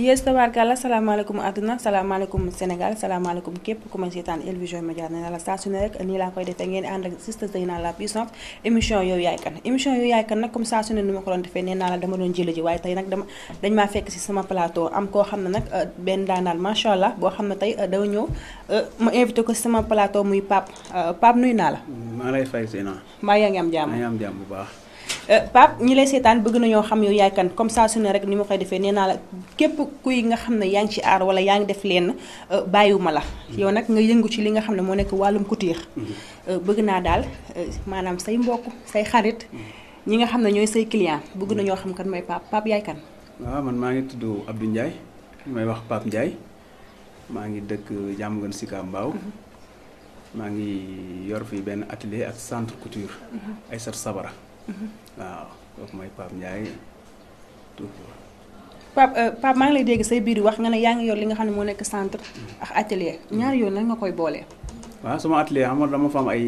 yées tabaarkàlla salaamaaleykum àdduna salaamaaleykum Sénégal salaamaaleykum képp ku may seetaan El Vision Médias na la saa su ne rek nii laa koy defee ngeen ànd ak Sister Zeyna la puissante émission yow yaay kan émission yow yaay kan ma ko am koo xam ne nag euh, benn daanaan macha boo xam ne tey euh, daw ñëw euh, ma invité ko si sama plateau muy Pape Pape nuyu naa la. maa lay fay Zeyna. maa yaa ngi am jàmm maa ngi am jàmm bu baax. Pape ñi lay seetaan bëgg nañoo xam yow yaay kan comme ni ma koy defee nee naa képp kuy nga xam ne yaa ngi ci aar wala yaa ngi def lenn euh, bàyyiwuma la. yow nag nga yëngu ci li nga xam ne moo nekk wàllum couture. Mm-hmm. Euh, bëgg naa daal euh, maanaam say mbokk say xarit. Mm-hmm. ñi nga xam ne ñooy say client bëgg na ñoo xam kan mooy Pape Pape yaay kan. waaw man maa ngi tudd Abdou Ndiaye mooy wax Pape Ndiaye maa ngi dëkk Diamaguène Sicap Mbao mm-hmm. maa ngi yor fii benn atelier ak centre couture. ay sat sabara. waaw kooku mooy Pape Ndiaye Pape euh, Pape maa ngi lay dégg say biir wax nga ne yaa ngi yor li nga xam ne moo nekk centre ak atelier ñaar yoon nan nga koy boolee waaw sama atelier xam dama fa ay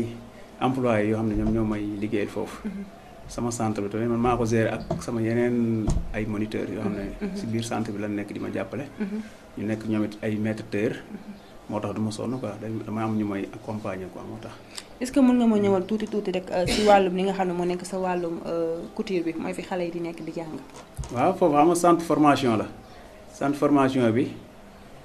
employé yoo xam ne ñoom ñoo may liggéeyal foofu mm-hmm. sama centre bi tamit man maa ko gérer ak sama yeneen ay moniteurs yoo xam ne mm-hmm. si biir centre bi lan nekk di ma jàppale mm-hmm. ñu nekk ñoom it ay maître moo tax du ma sonn quoi dama am ñu may accompagner quoi moo tax. est ce que mën nga ma ñëwal tuuti tuuti rek si euh, wàllum li nga xam ne moo nekk sa wàllum euh, couture bi mooy fi xale yi di nekk di jàng. waaw foofu xam centre formation la centre formation bi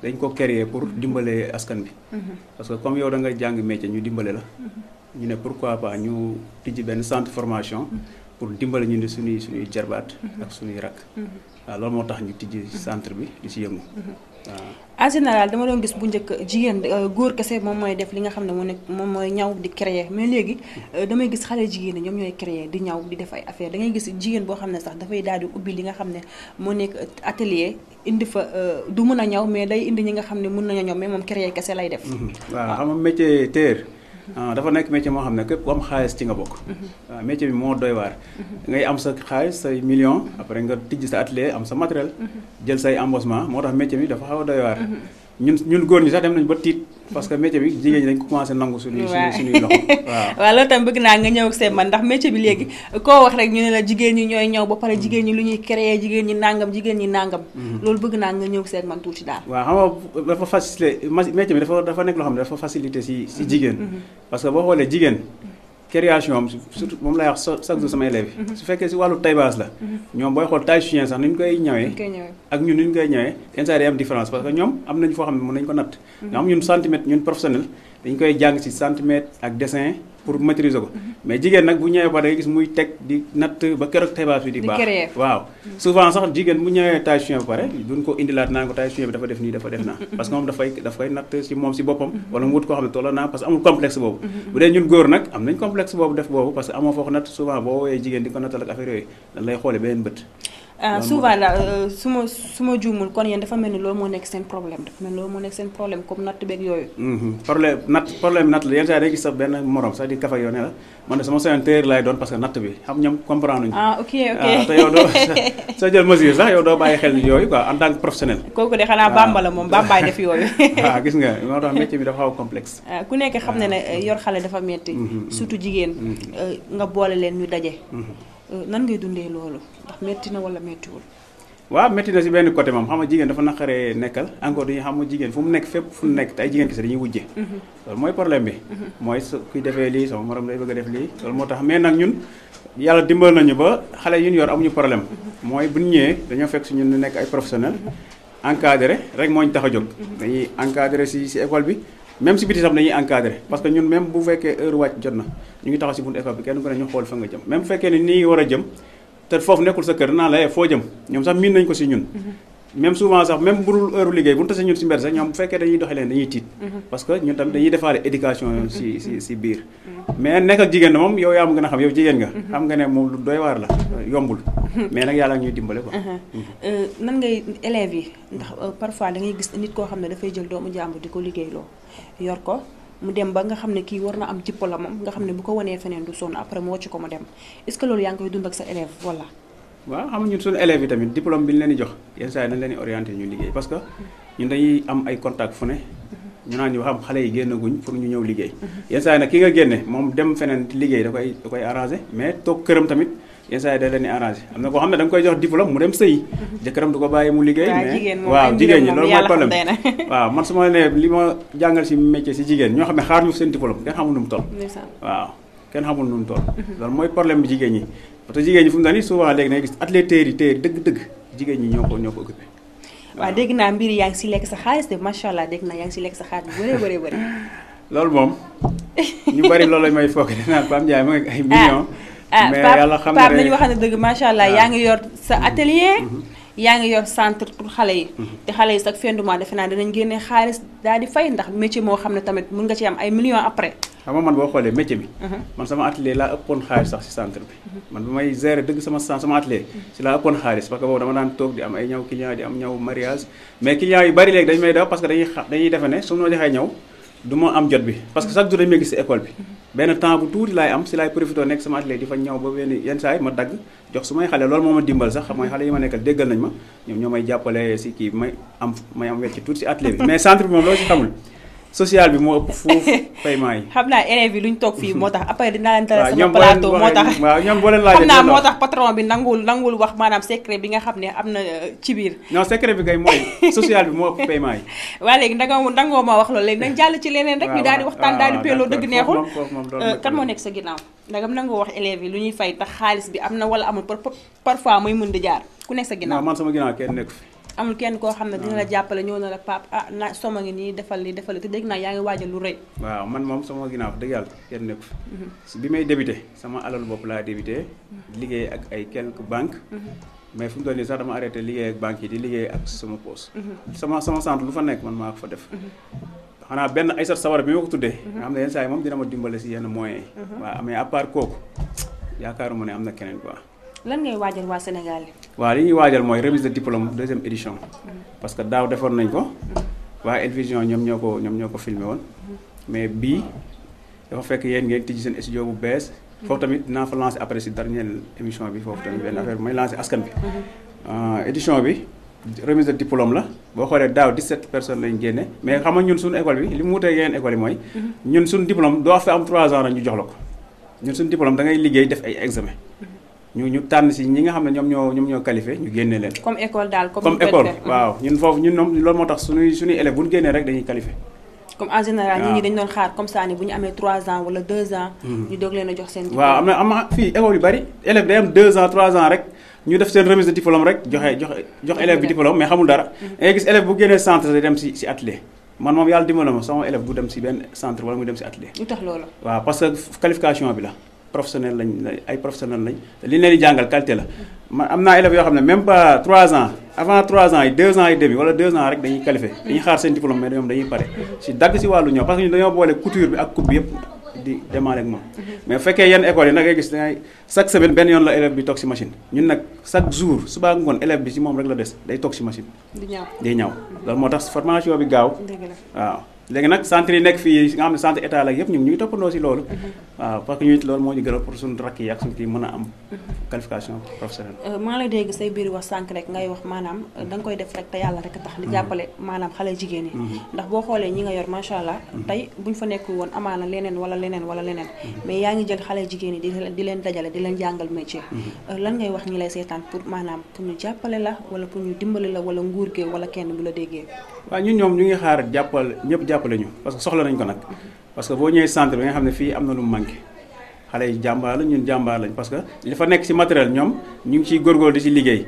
dañ ko créer pour dimbale askan bi. Mhm. parce que comme yow da jàng métier ñu dimbale la. Mhm. ñu ne pourquoi pas ñu tijji benn centre formation. Mhm. pour dimbale ñu ni suñuy suñuy jarbaat. Mhm. ak suñuy rakk. Mhm. waaw loolu moo tax ñu tijji centre bi di ci yëngu. Mhm. en général dama doon gis bu njëkk jigéen euh, góor kese moom mooy def li nga xam ne moo nekk moom mooy ñaw di créer mais léegi euh, damay gis xale jigéen ñi ñoom ñooy créer di ñaw di def ay affaire da ngay gis jigéen boo xam ne sax dafay daal di li nga xam ne moo nekk atelier indi fa euh, du mën a ñaw mais day indi ñi nga xam ne mën nañu ñaw mais moom créer kese lay def. waaw xam nga métier Ah, dafa nekk métier moo xam ne képp ku am xaalis ci nga bokk. waaw mhm. ah, métier bi moo doy waar. Mhm. ngay am sa xaalis say million après nga tijj sa atelier am sa matériel. Mhm. jël say embosement moo tax métier bi dafa xaw a doy waar. ñun ñun góor ñi sax dem nañ ba tiit. parce que métier bi jigéen ñi dañ ko commencé nangu suñuy suñuy loxo waaw waaw loolu tam bëgg naa nga ñëw ak seen man ndax métier bi léegi koo wax rek ñu ne la jigéen ñi ñooy ñëw ba pare hmm. jigéen ñi lu ñuy créer jigéen ñi nàngam jigéen ñi nàngam hmm. loolu bëgg naa nga ñëw seet seen man tuuti daal waaw xam nga dafa facilité métier bi dafa dafa nekk loo xam ne dafa facilité si si hmm. jigéen parce que boo xoolee jigéen création am surtout moom lay wax chaque jour sama élève yi mm-hmm. su fekkee si wàllu taybaas la mm-hmm. ñoom booy xool taille sax ni ñu koy ñawee ak ñun ni ñu koy ñawee yenn saa yi am différence parce que ñoom am nañu foo xam ne mën nañu ko natt nga mm-hmm. ñun centimètre ñun professionnel dañ koy jàng si centimètre ak dessin pour maîtriser ko mais jigéen nag bu ñëwee ba day gis muy teg di natt ba keroog tebaas bi di baax waaw souvent sax jigéen bu ñëwee taille chien ba pare duñ ko indilaat naan ko taille chien bi dafa def nii dafa def naa parce que moom dafay daf koy natt si moom si boppam wala mu wut koo xam ne tolloo naa parce que amul complexe boobu mhm. bu dee ñun góor nag am nañ complexe boobu def boobu parce que foo ko natt souvent boo woowee jigéen di ko nattal ak affaire yooyu dañ ah souvent daal euh, su ma su ma juumul kon yéen dafa mel ni loolu moo nekk seen problème dafa mel ni loolu moo nekk seen problème comme natt beeg yooyu. Mhm. problème natt problème natt la yenn saa day gis sa benn la doon parce que natt bi xam ñoom comprendre nañu. ah ok ok ah, yow doo sa jël mesure sax yow doo bàyyi xel ni yooyu quoi en tant professionnel. kooku de xanaa ah. bàmba la moom bàmbaay def yooyu. waaw ah, gis nga moo tax métier bi dafa xaw complexe. ku nekk xam na ne yor xale dafa metti mhm, mhm. surtout jigéen euh, nga boole leen ñu daje. Euh, nan ngay dundee loolu ndax métti na wala méttiwul. waaw métti na si benn côté moom xam nga jigéen dafa naqaree nekkal encore ñu xam nga jigéen fu mu nekk fépp fu mu nekk te ay jigéen kese dañuy wujje mhm. loolu mooy problème bi mhm. mooy su kuy defee lii sama moroom day bëgg a def lii loolu moo tax mais nag ñun yàlla dimbal nañu ba xale yu ñu yor amuñu problème mhm. mooy bu ñu ñëwee dañoo fekk suñu nekk ay professionnel encadré rek moo ñu tax a jóg dañuy encadré si école bi même si biti tam dañuy encadré parce que ñun même bu fekkee heure wàcc jot na ñu ngi taxaw si buntu école bi kenn ku ne ñu xool fa nga jëm même bu fekkee ne nii war a jëm te foofu nekkul sa kër naa la eh, foo jëm ñoom sax miin nañ ko si ñun mhm. même souvent sax même budul heure liggéey bu ñu tasee ñun si mbedd sax ñoom bu fekkee dañuy doxee leen dañuy tiit. Mm-hmm. parce que ñun tamit dañuy defaale éducation mm-hmm. si si si mm-hmm. biir. mais nekk ak jigéen moom yow yaa am gën a xam yow jigéen nga. xam nga ne moom lu doy waar la yombul. mais nag yàlla ñuy dimbale quoi. Uh-huh. Euh, nan ngay élèves yi ndax euh, parfois da ngay gis nit koo xam ne dafay jël doomu jàmbur di ko liggéeyloo yor ko. mu dem ba nga xam ne kii war na am diplôme am nga xam ne bu ko wanee feneen du sonn après mu wocc ko mu dem est-ce que loolu yaa ngi koy dund ak sa élève voilà. waaw xam nga ñun suñu élèves yi tamit diplôme bi ñu leen di jox yenn saa yi nañ leen di ñu liggéey parce que ñun dañuy am ay contact fu ne ñu naan ñu xam xale yi génnaguñ pour ñu ñëw liggéey yenn saa yi nag ki nga génne moom dem feneen liggéey da koy da koy arrangé mais toog këram tamit yenn saa yi da leen di arrangé am na koo xam ne da koy jox diplôme mu dem sëyi jëkkëram du ko bàyyi mu liggéey mais waaw jigéen ñi loolu mooy problème waaw man su ma ne li ma jàngal si métier si jigéen ñoo xam ne xaar ñu seen diplôme mu toll waaw kenn xamul nu mu toll loolu mooy problème bi jigéen ñi parce que jigéen ñi fu mu ne nii souvent léegi nag gis athlètes yi tey dëgg-dëgg jigéen ñi ñoo ko ñoo ko occupé. waaw dégg naa mbir yaa ngi si lekk sa xaalis de macha allah dégg naa yaa ngi si lekk sa xaalis bu bëree bëri bëri. loolu moom ñu bari loolu mooy may foog dinaa Pam Ndiaye ma ngi ay millions. Ah, ah, mais yàlla ne nañu waxante dëgg macha allah ah. yaa ngi yor sa atelier. Mm-hmm. yaa ngi yor centre pour xale yi mhm. te xale yi sax fin du mois defe naa danañ génne xaalis daal di fay ndax métier moo xam ne tamit mën nga ci am ay million après xam man boo xoolee métier bi mhm. man sama atelier laa ëppoon xaalis sax si centre bi mhm. man bi may gérer dëgg sama sama atelier si laa ëppoon xaalis parce que boobu dama daan toog di am ay ñaw client di am ñaw mariage mais client yu bari léegi dañu may daw parce que dañuy dañuy defe ne su ma joxee ñaw am jot bi parce que chaque jour dañu école bi benn temps bu tuuti laay am si laay profité nekk sama atelier di fa ñaw ba benn yenn saa ma dagg jox su may xale loolu moom a dimbal sax mooy xale yi ma nekkal déggal nañ ma ñoom ñoo may jàppale si kii may am may am wecc tuuti si atelier bi mais centre bi moom loo si xamul social bi moo ëpp foofu paiement yi. xam naa élèves yi lu ñu toog fii moo tax après dinaa leen dalal sama plateau moo tax waaw ñoom boo leen laajee xam naa moo tax patron bi nangul nangul wax maanaam secret bi nga xam ne am na euh, ci biir. non secret bi kay mooy social bi moo ëpp paiement yi. waa léegi dangoo dangoo wax loolu léegi nañ jàll ci leneen rek. ñu daal di waxtaan daal di peeloo dëgg neexul. Euh, kan moo nekk sa ginnaaw. ndagam nangoo wax élèves yi lu ñuy fay tax xaalis bi am na wala amul parfois muy mën di jaar ku man sama ginnaaw kenn fi amul kenn koo xam ne dina la ah. jàppale ñëw na la pap ah na soma ngi nii defal li defal li te dégg naa yaa ngi waajal lu rëy waaw man moom sama ginnaaw dëgg yàlla kenn nekku fi mhm. bi may débuté sama alalu bopp laa débuté liggéey ak ay quelques banque mhm. mais fu mu toll nii sax dama arrêté liggéey ak banques yi di liggéey ak sama poos mhm. sama sama sant lu fa nekk man maa ko fa def xanaa benn ay sat sawar bi ma ko tuddee nga xam ne yenn saa yi moom dina ma dimbale si yenn moyens yi waaw mais à part kooku yaakaaruma ne am na keneen quoi lan ngay waajal waa Sénégal yi. li ñuy waajal mooy remise de diplôme deuxième édition. parce que daaw defoon nañ ko. waa El Vision ñoom ñoo ko ñoom ñoo ko filmé woon. mais bii dafa fekk yéen ngeen tijji seen studio bu bees. foofu tamit dinaa fa lancé après si dernière émission bi foofu tamit benn affaire bi may lancé askan bi. Euh, édition bi remise de diplôme la boo xoolee daaw 17 personnes lañ génne mais xam ñun suñu école bi li mu wutee yeneen école yi mooy. ñun suñu diplôme doo fa am 3 ans rek ñu jox la ko ñun suñu diplôme da ngay liggéey def ay examen. ñu ñu tànn si ñi nga xam ne ñoom ñoo ñoom ñoo qualifié ñu génne leen. comme école daal comme école mm-hmm. waaw ñun foofu ñun ñoom loolu moo tax suñuy suñuy élèves bu ñu génnee rek dañuy qualifié. comme en général nit mm-hmm. ñu doog leen a jox seen. waaw am na am na rek ñu def seen remise de diplôme rek joxe joxe jox élève bi diplôme mais xamul dara. Mm-hmm. da ngay gis élève bu génnee centre day dem si si atelier. man moom yàlla dimbali ma sama élève bu dem si benn centre wala mu dem si atelier. lu tax loolu. waaw parce que qualification bi la professionnel lañ ay professionnel lañ te li ñu leen di jàngal qualité la man am naa élèves yoo xam ne même pas 3 ans avant 3 ans yi 2 ans yi demi wala 2 ans rek dañuy qualifié dañuy xaar seen diplôme mais ñoom dañuy pare si dagg si wàllu ñëw parce que ñu dañoo boole couture bi ak coupe bi moom mais fekkee yenn écoles yi nag ngay gis dangay chaque semaine benn yoon la élève bi toog si machine ñun nag chaque jour subaa ngoon élève bi si moom rek la des day toog si machine day ñaw loolu moo tax formation bi gaaw waaw léegi nag centre fii nga xam ne yëpp ñu ngi ñuy toppandoo loolu waaw parce que ñu it moo ñu gën a pour suñu rakk yi suñu kii mën a am. qualification professionnelle. Euh, maa ngi dégg say biir wax sànq rek ngay wax maanaam euh, danga koy def rek te yàlla rek a tax. di mhm. jàppale maanaam xale jigéen yi. Mhm. ndax boo xoolee ñi nga yor macha allah. Mhm. tey buñ fa nekkul woon amaana leneen wala leneen wala leneen. mais yaa ngi jël xale jigéen yi di leen di leen dajale di leen jàngal métier. Euh, lan ngay wax ñi lay seetaan pour maanaam pour ñu jàppale la wala pour ñu dimbali la wala nguur gee wala kenn bu la déggee. waa ñu ñoom ñu ngi xaar jàppal ñëpp jàppale ñu parce que soxla nañ ko nag parce que boo ñëwee centre bi nga xam ne fii am na lu mu manqué xale yi jàmbaar lañ ñun jàmbaar lañ parce que li fa nekk ci matériel ñoom ñu ngi ciy góorgóorlu di ci liggéey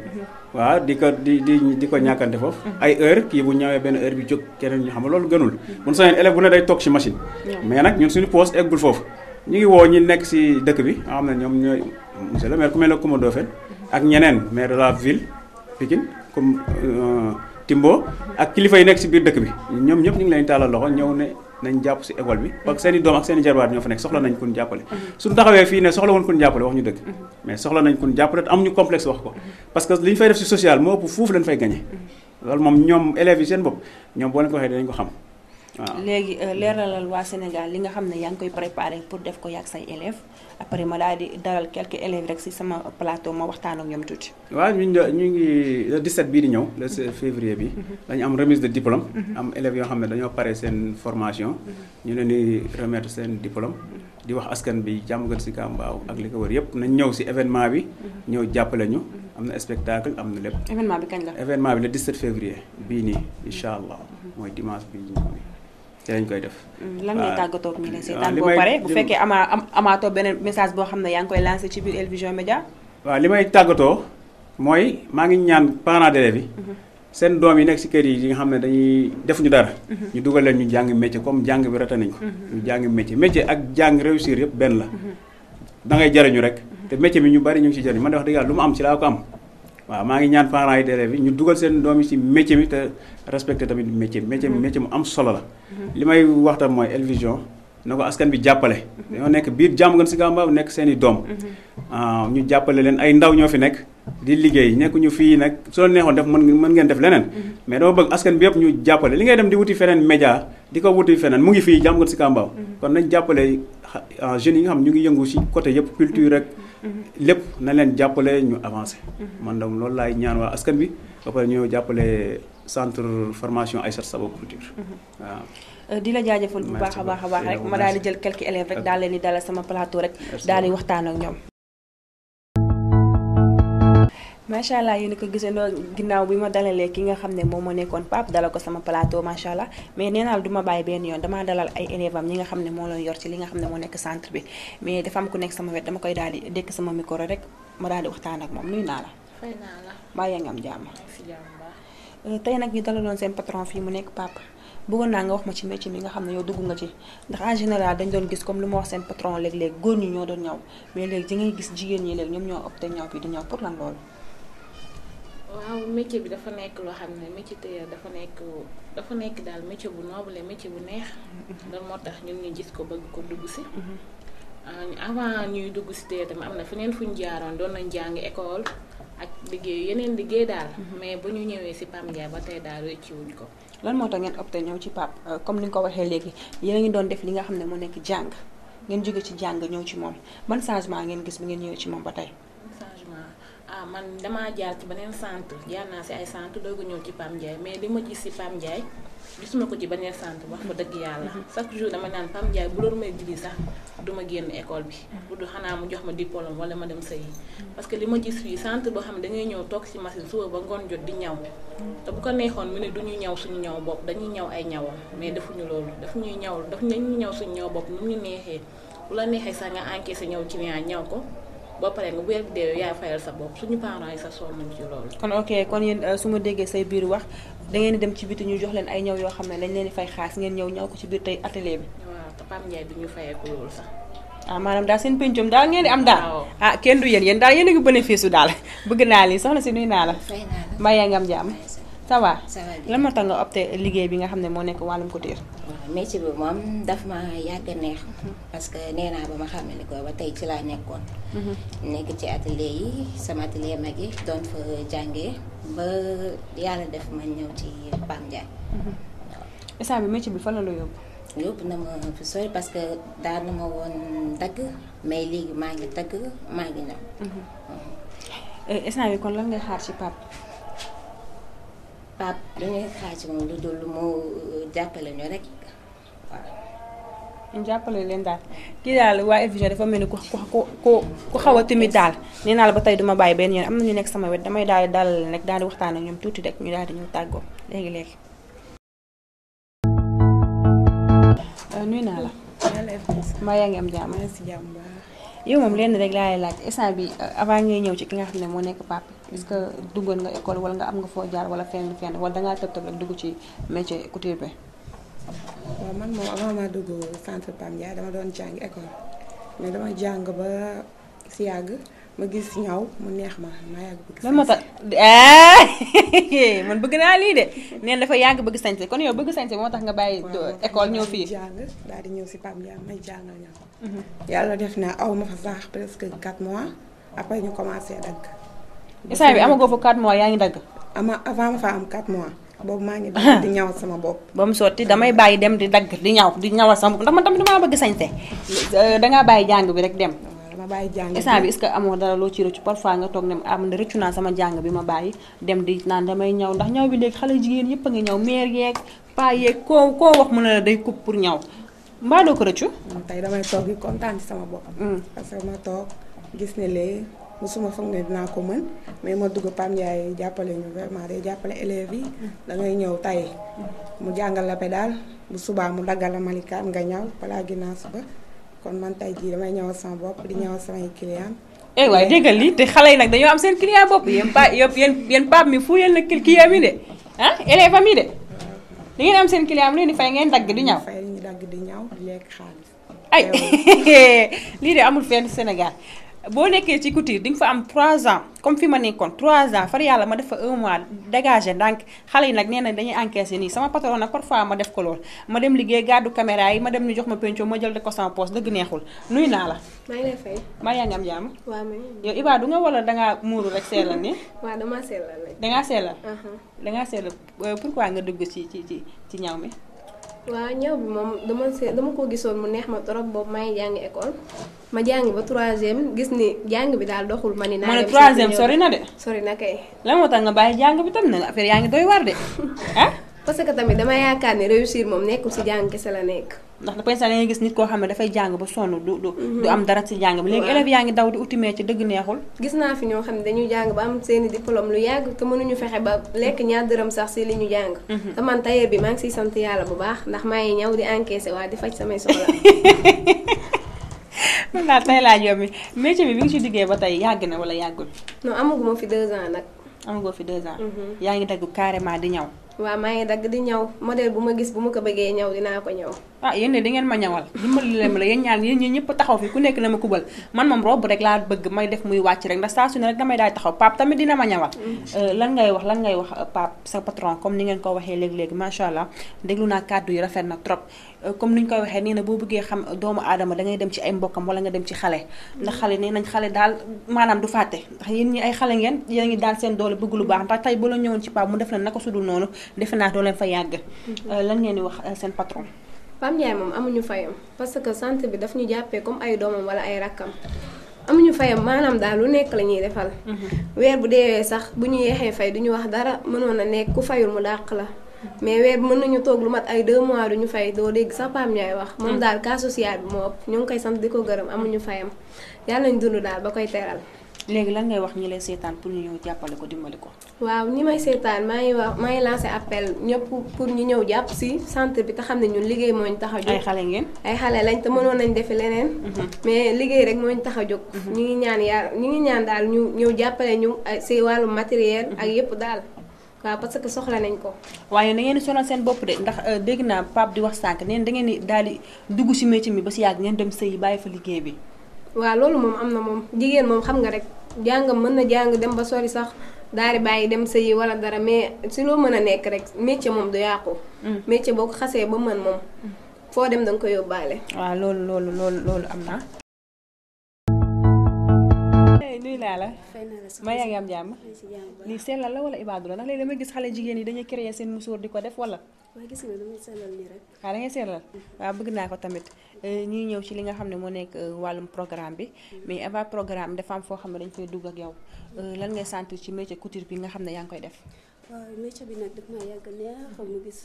waaw di ko di di di ko ñàkkante foofu ay heure kii bu ñawee benn heure bi jóg keneen ñu xam ne loolu gënul mun sañoon élève bu ne day toog ci machine mais nag ñun suñu poste eggul foofu ñu ngi woo ñu nekk ci dëkk bi nga xam ne ñoom ñooy monsieur le maire ku mel ne Coumba Ndoffène ak ñeneen mais de la ville Pikine comme euh, Timbo ak kilifa yi nekk ci biir dëkk bi ñoom ñëpp ñu ngi leen tàllal loxo ñëw nañ jàpp si école bi parce que seen i doom ak seen i ñoo fa nekk soxla nañ kun jàppale suñ taxawee fii ne soxla woon kun jàppale wax ñu dëgg mais soxla nañ kun jàppale am ñu complexe wax ko parce que li ñu fay def si social moo ëpp fuuf lañ fay gagné loolu moom ñoom élèves yi seen bopp ñoom boo leen ko waxee dinañ ko xam waaw léegi euh, leeralal waa Sénégal li nga xam ne yaa ngi koy préparé pour def ko yàgg say élèves après ma daal di dalal quelques élèves rek si sama plateau ma waxtaan ak ñoom tuuti. waaw ñu ngi ñu ngi le bii di ñëw le 16 mhm. février bi. Mhm. dañu am remise de diplôme. Mhm. am élèves yoo xam ne dañoo pare seen formation. ñu leen di remettre seen diplôme. di wax askan bi jàmm gën si Kambaaw ak li ko war yëpp nañ ñëw si événement bi. ñëw jàppale ñu. am na spectacle am na lépp. événement bi kañ la événement bi le 17 février bii nii incha allah mooy dimanche bii ñu ci lañ koy def. Mm, lan ngay tàggatoo ak ñi lay seetaan boo pare bu fekkee ama amaatoo beneen message boo xam ne yaa ngi koy lancé ci biir El Vision Médias. waaw li may tàggatoo mooy maa ngi ñaan parents d'élèves yi. Mm-hmm. seen doom yi nekk ci kër yi nga xam ne dañuy def ñu dara. Mm-hmm. ñu dugal leen ñu jàngi métier comme jàng bi rata nañ ko. Mm-hmm. ñu jàng métier métier ak jàng réussir yëpp benn la. da ngay jariñu rek. te métier bi ñu bari ñu ngi ci jariñu man de wax dëgg lu mu am ci laa am. waaw maa ngi ñaan parents yi d'élèves yi ñu dugal seen doom yi ci métier mi te respecté tamit métier métier mm-hmm. métier mu am solo la mm-hmm. li may waxtaan mooy El Vision na ko askan bi jàppale mm-hmm. dañoo nekk biir jàmm gën si gàmbaaw nekk seen i doom ah, ñu jàppale leen ay ndaw ñoo fi nekk di liggéey nekkuñu fii nag su la def mën mën ngeen def leneen mais dama bëgg askan yëpp ñu jàppale li ngay dem di wuti feneen média di ko wuti feneen mu ngi fii jàmm gën si gàmbaaw kon nañ jàppale ah, jeunes yi nga xam ñu ngi yëngu si côté yëpp culture rek lépp na leen jàppale ñu avancé. man donc loolu laay ñaan waa askan bi ba pare jàppale centre formation Aïssata Sabo Couture. waaw euh, di la jaajëfal bu baax a baax a baax rek ma daal di jël quelques élèves rek daal leen di dala sama plateau rek daal di waxtaan ak ñoom. macha allah yéen a ko gisandoo ginnaaw bi ma dalalee ki nga xam ne moom moo nekkoon Pape dalal ko sama plateau macha allah mais nee naa la du ma bàyyi benn yoon damaa dalal ay élèves am ñi nga xam ne moo ne moo nekk centre bi mais dafa am ku nekk sama wet dama koy daal di dékk sama micro rek ma daal waxtaan ak moom nuyu naa la. fay naa la mbaa yaa ngi am jàmm. Euh, tey nag ñu dalaloon seen patron fii mu nekk Pape bëggoon naa nga wax ma ci métier mi nga xam ne yow dugg nga ci ndax en général dañ doon ma wax seen patron ñoo doon ñaw mais léegi gis jigéen ñi léegi ñoo opté ñaw bi di ñaw waaw métier bi dafa nekk loo xam ne métier tailleur dafa nekk dafa nekk daal métier bu noble métier bu neex. Mm-hmm. loolu moo tax ñun ñu gis ko bëgg ko dugg si. Mm-hmm. Ah, avant ñuy dugg si tailleur tamit am na feneen fu ñu jaaroon doon nañ jàng ak liggéey yeneen liggéey daal. Mm-hmm. mais bu ñu ñëwee si PAM Ndiaye ba tey daal rëcc wuñ ko. lan moo tax ngeen opté ñëw ci PAP euh, comme ni nga ko waxee léegi yéen a ngi doon def li nga xam ne mu nekk jàng ngeen jóge ci jàng ñëw ci moom ban changement ngeen gis bi ngeen ñëwee ci moom ba tey. ah man damaa jaar ci beneen centre jaar naa si ay centre doog a ñëw ci Pam mais li ma gis si Pam Ndiaye gisuma ko ci beneen sant wax ko dëgg yàlla. Mhm. chaque jour dama naan Pam bu loolu may gis sax duma ma génn école bi. bu mhm. dul xanaa mu jox ma di diplôme wala ma dem sëyi. Mhm. parce que li ma gis fii sant boo xam ne dangay ñëw toog si machine suba ba ngoon jot di ñaw. te bu ko neexoon mu ne du ñu ñaw suñu ñaw bopp dañuy ñaw ay ñawam mais defuñu loolu daf ñuy ñaw daf ñuy ñaw suñu ñaw bopp nu ñu neexee bu la neexee sax nga encaissé ñaw ci ñaw ko. boo paree fayal sa bopp suñu parents yi sa sonn nañ ci loolu. kon ok kon yéen euh, su ma déggee say biir wax dangeen ngeen di dem ci biti ñu jox leen ay ñëw yoo xam ne dañ leen di fay xaas ngeen ñëw ñëw ko ci biir tey atelier bi. waaw te Pape Ndiaye ñu fayee ko sax. ah maanaam daal seen pencom daal ngeen di am daal. ah kenn du yéen yéen daal yéen a ngi bénéfice daal bëgg naa lii soxna si nuyu naa la. fay naa la mbaa yaa ngi am jàmm ça va lan moo tax liggéey bi nga xam ne moo nekk wàllum ko waaw métier bi moom daf ma yàgg a neex. Mhm. parce que nee naa ba ma xam ne ko ba tey ci laa nekkoon. Mhm. nekk ci atelier yi sama atelier ma yi doon fa jàngee ba yàlla def ma ñëw ci PAM Ndiaye. Mhm. instant bi métier bi fan la la yóbbu. yóbbu na ma fi sori parce que daan na woon dagg mais léegi maa ngi dagg maa ngi ñëw. Eh, instant bi kon lan ngay xaar ci PAM. pap dañuy xaaj moom lu dul mu euh, jàppale ñu rek waaw. jàppale leen daal kii daal waa El dafa mel ni ku ku ku xaw a timide daal ni naa la ba tey duma bàyyi benn yoon am na ñu nekk sama wet damay daal di dalal leen rek daal di waxtaan ak ñoom tuuti rek ñu daal di ñëw tàggoo léegi léegi. Euh, nuyu naa la. mbaa yaa ngi am jàmm. yow moom lenn rek laay laaj instant bi euh, avant ngay ñëw ci ki nga xam ne moo nekk pap est ce que duggoon nga école wala nga am nga foo jaar wala fenn fenn wala da ngaa tëb tëb rek dugg ci métier couture bi waaw man moom avant ma dugg centre Pam Ndiaye dama doon jàng école mais dama jàng ba si yàgg ma gis ñaw mu neex ma ma yàgg bëgg lan moo tax eh! man bëgg naa lii de neen dafa yàgg bëgg sañse kon yow bëgg sañse moo tax nga bàyyi école ñëw fii jàng daal di ñëw si Pam Ndiaye may jàngal ñaw mhm. yàlla def naa aw ma fa sax presque 4 mois après ñu commencé dagg instant bi amagoo fa 4 mois yaangi dag. ama avant ma faa am 4 mois. boobu ma ngi di ñaw sama bop. Bam soti damay bayyi dem di dag di ñaw di ñawal sama bopp ndax man tamit dama bëgg sañté. Euh, da nga bayyi jang bi rek dem. dama bayyi jang. bi bi est-ce que amo dara lo ci rëccu parfois nga tok nem am ah, na rëccu na sama jang bi ma bayyi dem di nan damay ñaw ndax ñaw bi léegi xalé jigéen yépp nga ñaw meer yeeg pa yeeg ko ko wax mu ne day coup pour ñaw mbaa do ko rëccu. Tay damay tok di kontaan ci sama bop. Mm. parce que ma tok gis ne lee musuma suma foog ne ko mën mais ma dugg Pam yaay jàppale ñu vraiment day jàppale élève yi da ngay ñëw tay mu jangal la pédal bu suba mu dagal la malikaan nga ñaw balaa ginaas ba kon man tay ji damay ñëwal sama bop di ñëwal samay client eh way déggal li te xalé nak dañu am seen client bop yeen pa yeen yeen pa mi fu yeen nak client mi de ah élève am yi de li ngeen am seen client am ni fay ngeen dag di ñaw fay ñu dag di ñaw di lekk xaalis ay li de amul fenn Sénégal boo nekkee ci couture di nga fa am 3 an comme fi ma nekkoon 3 ans far yàlla ma def fa un mois dégagé ndànk xale yi nag nee na dañuy encaissé nii sama patron nag parfois ma def ko lool ma dem liggéey gàddu caméra yi ma dem ñu jox ma penco ma jël de ko sama poche dëgg neexul nuyu naa la. maa ngi lay am jàmm. waaw maa ngi yow Iba du nga wala dangaa muuru rek seelal ni. waaw damaa seelal rek. dangaa seelal. Uh-huh. dangaa seelal euh, pourquoi nga dëgg ci ci ci ci ñaw mi. waaw ñëw bi moom dama see dama koo gisoon mu neex ma trop boobu maa ngi jàngi école ma jàng ba troisième gis ni jàng bi daal doxul ma ni. naa dem troisième sori na de. sori na kay. lan moo tax nga bàyyi jàng bi tam na affaire yaa ngi doy war de ah. parce que tamit dama yaakaar ni réussir moom nekkul si jàng kese la nekk. ndax da pensa da gis nit koo xam ne dafay jàng bu sonn du du du mhm. am dara ci jàng bi léegi élèves yaa ngi daw di utimee ci dëgg neexul gis naa fi ñoo xam ne dañuy jàng ba am seen i diplôme lu yàgg te mënuñu fexe ba lekk ñaar dërëm sax si li ñu jàng mhm. te man tailleur bi maa ngi siy sant yàlla bu baax ndax maa ngi ñëw di encaissé waa di faj samay soxla mën naa tey laa yombi métier bi bi nga ci liggéey ba tey yàgg na wala yàggul non amaguma fi deux nag amaguma fi deux ans mhm. yaa ngi dagg carrément di ñaw waaw maa ngi dagg di ñaw modèle bu ma gis bu ma ko bëggee ñaw dinaa ko ñaw ah yéen de dangeen ma ñawal dimbali leen ma la yéen ñaar yéen ñi ñëpp taxaw fi ku nekk na ma kubal man moom robe rek laa bëgg may def muy wàcc rek ndax saa su rek damay daay taxaw Pape tamit dina ma ñawal mm. euh, lan ngay wax lan ngay wax Pape sa patron comme ni ngeen ko waxee léeg léegi macha allah déglu naa kàddu yi rafet na trop Euh, comme ni ñu koy waxee nee na boo bëggee xam doomu aadama da ngay dem ci ay mbokkam wala nga dem ci xale ndax xale ne nañ xale daal maanaam du fàtte ndax yéen ñi ay xale ngeen yéen ngi daal seen doole bëgg lu baax ndax tey ba la ñëwoon ci paab mu def la naka sudul defe naa doo leen fa yàgg mhm. euh, lan ngeen di wax euh, seen patron Pam Ndiaye moom amuñu fayam parce que sant bi daf ñu jàppee comme ay doomam wala ay rakkam amuñu fayam maanaam daal lu nekk la ñuy defal mhm. weer bu deewee sax bu ñu yeexee fay duñu wax dara mënoon a nekk ku fayul mu dàq la mais weer bi mën nañu toog lu mat ay 2 mois du ñu fay doo dégg sax Pape Ndiaye wax. moom mm. daal cas social bi moo ëpp ñu koy sant di ko gërëm amuñu fayam yàlla nañu dund daal ba koy teral. léegi lan ngay wax ñi lay seetaan pour ñu ñëw jàppale ko dimbali ko. waaw ni may seetaan maa ngi wax maa ngi lancé appel ñëpp pour ñu ñëw jàpp si centre bi te xam ne ñun liggéey moo ñu tax a jóg. ay xale ngeen. ay xale lañ te mënoon nañu defi leneen. Mm-hmm. mais liggéey rek moo ñu tax a jóg. Mm-hmm. ñu ngi ñaan yaar ñu ngi ñaan daal ñu ñëw jàppale ñu si wàllu matériel. Mm-hmm. ak yëpp daal. waaw parce que soxla nañ ko. waaye na ngeen sonal seen bopp de ndax euh, dégg naa Pape di wax sànq neen da ngeen di daal di dugg ci métier mi ba ci yàgg ngeen dem sëyi bàyyi fa liggéey bi. waaw loolu moom am na moom jigéen moom xam nga rek jàngam mën na jàng dem ba sori sax daari bàyyi dem yi wala dara mais si loo mën a nekk rek métier moom du yàqu. Mm. métier boo ko xasee ba mën moom. Mm. foo dem da ko yóbbaale. waaw loolu loolu loolu loolu am na. nuyu naa la. fay naa la yaa ngi am jàmm. lii sellal la wala ibaadu la ndax léegi damay gis xale jigéen yi dañuy créer seen musóor di ko def wala. waaw gis nga damay sellal nii rek. Ah, mm-hmm. waaw da ngay bëgg naa ko tamit eh, ñuy ñëw ci li nga xam ne moo nekk eh, wàllum programme bi. Mm-hmm. mais avant programme dafa am foo xam ne dañ koy dugg ak yow. Eh, lan ngay sentir ci métier couture bi nga xam ne yaa ngi koy def. waaw bi nag daf maa yàgg neex xam nga gis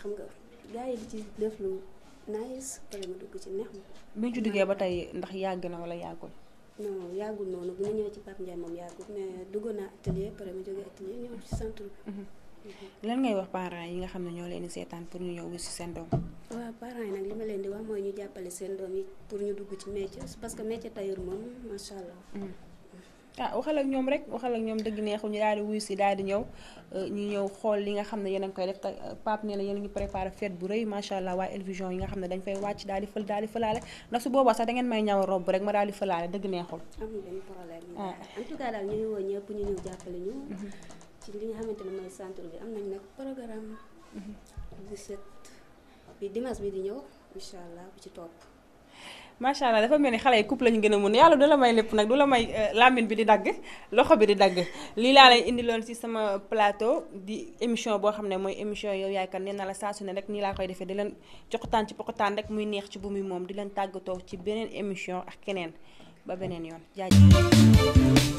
xam nga gars yi ci def lu nice pare ñu ci duggee ba tey ndax yàgg na wala yàggul non yàggul noonu bu ñu ñëwee ci Pape Ndiaye moom yàggul mais dugg naa atelier pare ma jógee atelier ñëw ci centre bi. Mhm. lan ngay wax parents yi nga xam ne ñoo leen di seetaan pour ñu ñëw si seen doom. waaw parents yi nag li ma leen di wax mooy ñu jàppale seen doom yi pour ñu dugg ci métier parce que métier tailleur moom macha allah. Mhm. ah waxal ak ñoom rek waxal ak ñoom dëgg neexu ñu daal di wuyu si daal di ñëw euh, ñu ñëw xool li nga xam ne yéen a koy def te euh, Pape nee na yéen a ngi préparé fête bu rëy macha allah waaye El Vision yi nga xam ne dañ fay wàcc daal di fël daal di fëlaale ndax su boobaa sax da may ñaw robb rek ma daal di fëlaale dëgg neexul. amul benn problème. Ah. en tout cas ñu ngi woo ñëpp ñu mhm. li nga xamante ne mooy centre bi am nañ nag programme. 17 mhm. bi dimanche bi di ñëw incha allah bu ci topp. macha allah dafa mel ni xale yi couple lañu gën a mun yàlla du la may lépp nag du la may euh, làmmiñ bi di dagg loxo bi di dagg lii laa lay indiloon si sama plateau di émission boo xam ne mooy émission yow yaay kan nee na la saa ne rek nii laa koy defee di leen joxutaan ci poxutaan rek muy neex ci bu muy moom di leen tàggatoo ci beneen émission ak keneen ba beneen yoon jaajëf